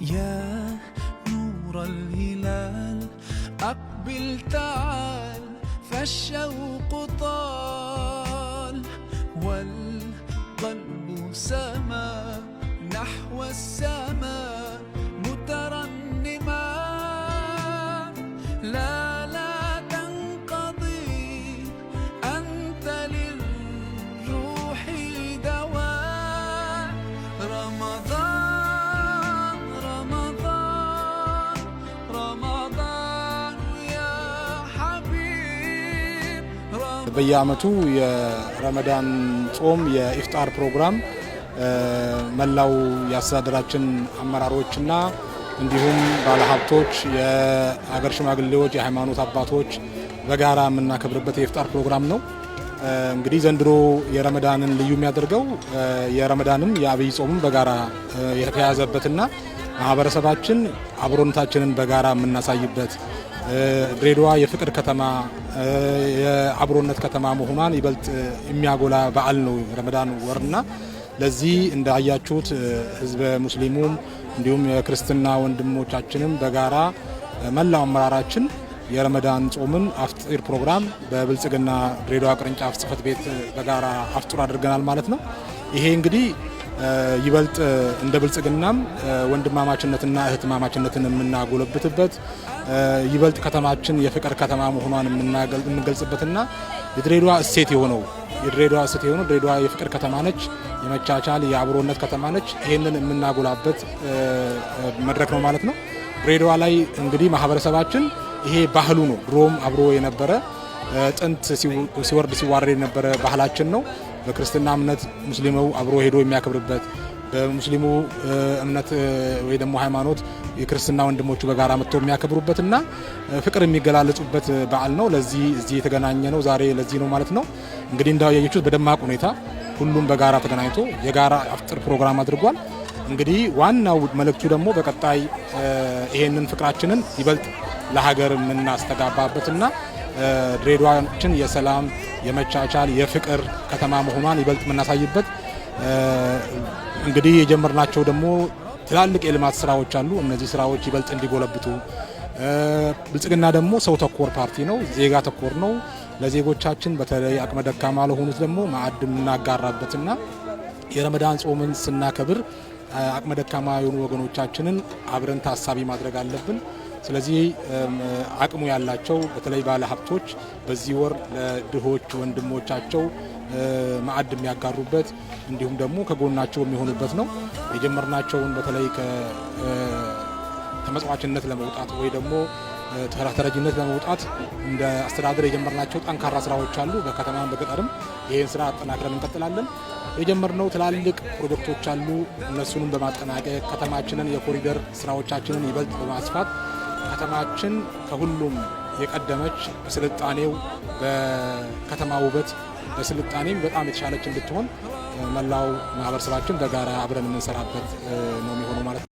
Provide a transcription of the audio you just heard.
يا نور الهلال أقبل تعال فالشوق طال والقلب سما نحو السماء በየአመቱ የረመዳን ጾም የኢፍጣር ፕሮግራም መላው የአስተዳደራችን አመራሮችና እንዲሁም ባለሀብቶች፣ የሀገር ሽማግሌዎች፣ የሃይማኖት አባቶች በጋራ የምናከብርበት የኢፍጣር ፕሮግራም ነው። እንግዲህ ዘንድሮ የረመዳንን ልዩ የሚያደርገው የረመዳንም የአብይ ጾምም በጋራ የተያዘበትና ማህበረሰባችን አብሮነታችንን በጋራ የምናሳይበት ድሬዳዋ የፍቅር ከተማ የአብሮነት ከተማ መሆኗን ይበልጥ የሚያጎላ በዓል ነው ረመዳን ወርና ለዚህ እንዳያችሁት ህዝበ ሙስሊሙም እንዲሁም የክርስትና ወንድሞቻችንም በጋራ መላው አመራራችን የረመዳን ጾምን አፍጢር ፕሮግራም በብልጽግና ድሬዳዋ ቅርንጫፍ ጽህፈት ቤት በጋራ አፍጡር አድርገናል ማለት ነው። ይሄ እንግዲህ ይበልጥ እንደ ብልጽግናም ወንድማማችነትና እህትማማችነትን የምናጎለብትበት ይበልጥ ከተማችን የፍቅር ከተማ መሆኗን የምንገልጽበትና የድሬዳዋ እሴት የሆነው የድሬዳዋ እሴት የሆነው ድሬዳዋ የፍቅር ከተማ ነች፣ የመቻቻል የአብሮነት ከተማ ነች። ይህንን የምናጎላበት መድረክ ነው ማለት ነው። ድሬዳዋ ላይ እንግዲህ ማህበረሰባችን ይሄ ባህሉ ነው። ድሮም አብሮ የነበረ ጥንት ሲወርድ ሲዋረድ የነበረ ባህላችን ነው። በክርስትና እምነት ሙስሊሙ አብሮ ሄዶ የሚያከብርበት በሙስሊሙ እምነት ወይ ደግሞ ሃይማኖት የክርስትና ወንድሞቹ በጋራ መጥተው የሚያከብሩበትና ፍቅር የሚገላለጹበት በዓል ነው። ለዚህ እዚህ የተገናኘ ነው ዛሬ ለዚህ ነው ማለት ነው። እንግዲህ እንዳያያችሁት በደማቅ ሁኔታ ሁሉም በጋራ ተገናኝቶ የጋራ አፍጥር ፕሮግራም አድርጓል። እንግዲህ ዋናው መልእክቱ ደግሞ በቀጣይ ይሄንን ፍቅራችንን ይበልጥ ለሀገር የምናስተጋባበትና ድሬዳዋችን የሰላም የመቻቻል የፍቅር ከተማ መሆኗን ይበልጥ የምናሳይበት እንግዲህ የጀመርናቸው ደግሞ ትላልቅ የልማት ስራዎች አሉ። እነዚህ ስራዎች ይበልጥ እንዲጎለብቱ ብልጽግና ደግሞ ሰው ተኮር ፓርቲ ነው፣ ዜጋ ተኮር ነው። ለዜጎቻችን በተለይ አቅመ ደካማ ለሆኑት ደግሞ ማዕድ የምናጋራበትና የረመዳን ጾምን ስናከብር አቅመ ደካማ የሆኑ ወገኖቻችንን አብረን ታሳቢ ማድረግ አለብን። ስለዚህ አቅሙ ያላቸው በተለይ ባለ ሀብቶች በዚህ ወር ለድሆች ወንድሞቻቸው ማዕድ የሚያጋሩበት እንዲሁም ደግሞ ከጎናቸው የሚሆኑበት ነው። የጀመርናቸውን በተለይ ከተመጽዋችነት ለመውጣት ወይ ደግሞ ተረጅነት ለመውጣት እንደ አስተዳደር የጀመርናቸው ጠንካራ ስራዎች አሉ። በከተማም በገጠርም ይህን ስራ አጠናክረን እንቀጥላለን። የጀመርነው ትላልቅ ፕሮጀክቶች አሉ። እነሱንም በማጠናቀቅ ከተማችንን የኮሪደር ስራዎቻችንን ይበልጥ በማስፋት ከተማችን ከሁሉም የቀደመች በስልጣኔው በከተማ ውበት በስልጣኔም በጣም የተሻለች እንድትሆን መላው ማህበረሰባችን በጋራ አብረን የምንሰራበት ነው የሚሆነው ማለት ነው።